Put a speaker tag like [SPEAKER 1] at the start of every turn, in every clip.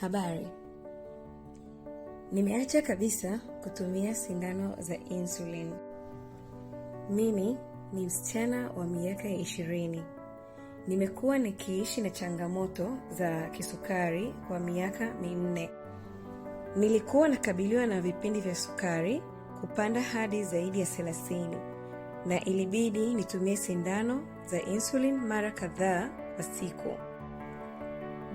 [SPEAKER 1] Habari. Nimeacha kabisa kutumia sindano za insulin. Mimi ni msichana wa miaka ya ishirini. Nimekuwa nikiishi na changamoto za kisukari kwa miaka minne. Nilikuwa nakabiliwa na vipindi vya sukari kupanda hadi zaidi ya thelathini na ilibidi nitumie sindano za insulin mara kadhaa kwa siku.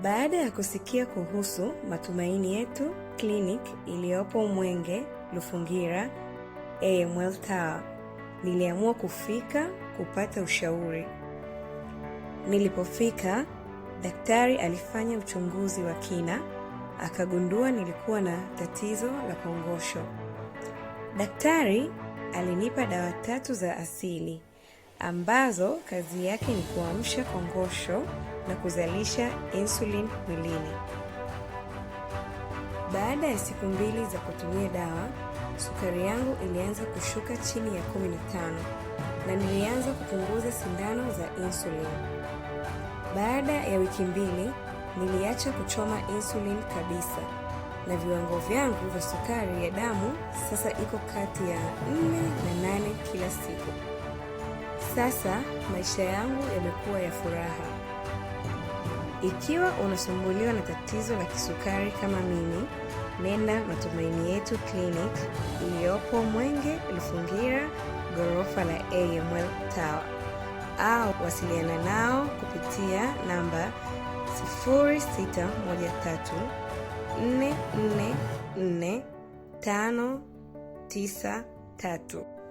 [SPEAKER 1] Baada ya kusikia kuhusu Matumaini Yetu Clinic iliyopo Mwenge Lufungira AML Tower, niliamua kufika kupata ushauri. Nilipofika, daktari alifanya uchunguzi wa kina, akagundua nilikuwa na tatizo la kongosho. Daktari alinipa dawa tatu za asili ambazo kazi yake ni kuamsha kongosho na kuzalisha insulin mwilini. Baada ya siku mbili za kutumia dawa, sukari yangu ilianza kushuka chini ya 15 na nilianza kupunguza sindano za insulin. Baada ya wiki mbili, niliacha kuchoma insulin kabisa na viwango vyangu vya sukari ya damu sasa iko kati ya 4 na 8 kila siku. Sasa maisha yangu yamekuwa ya furaha. Ikiwa unasumbuliwa na tatizo la kisukari kama mimi, nenda Matumaini Yetu Clinic iliyopo Mwenge Lufungira, ghorofa la AML Tower, au wasiliana nao kupitia namba 0613444593.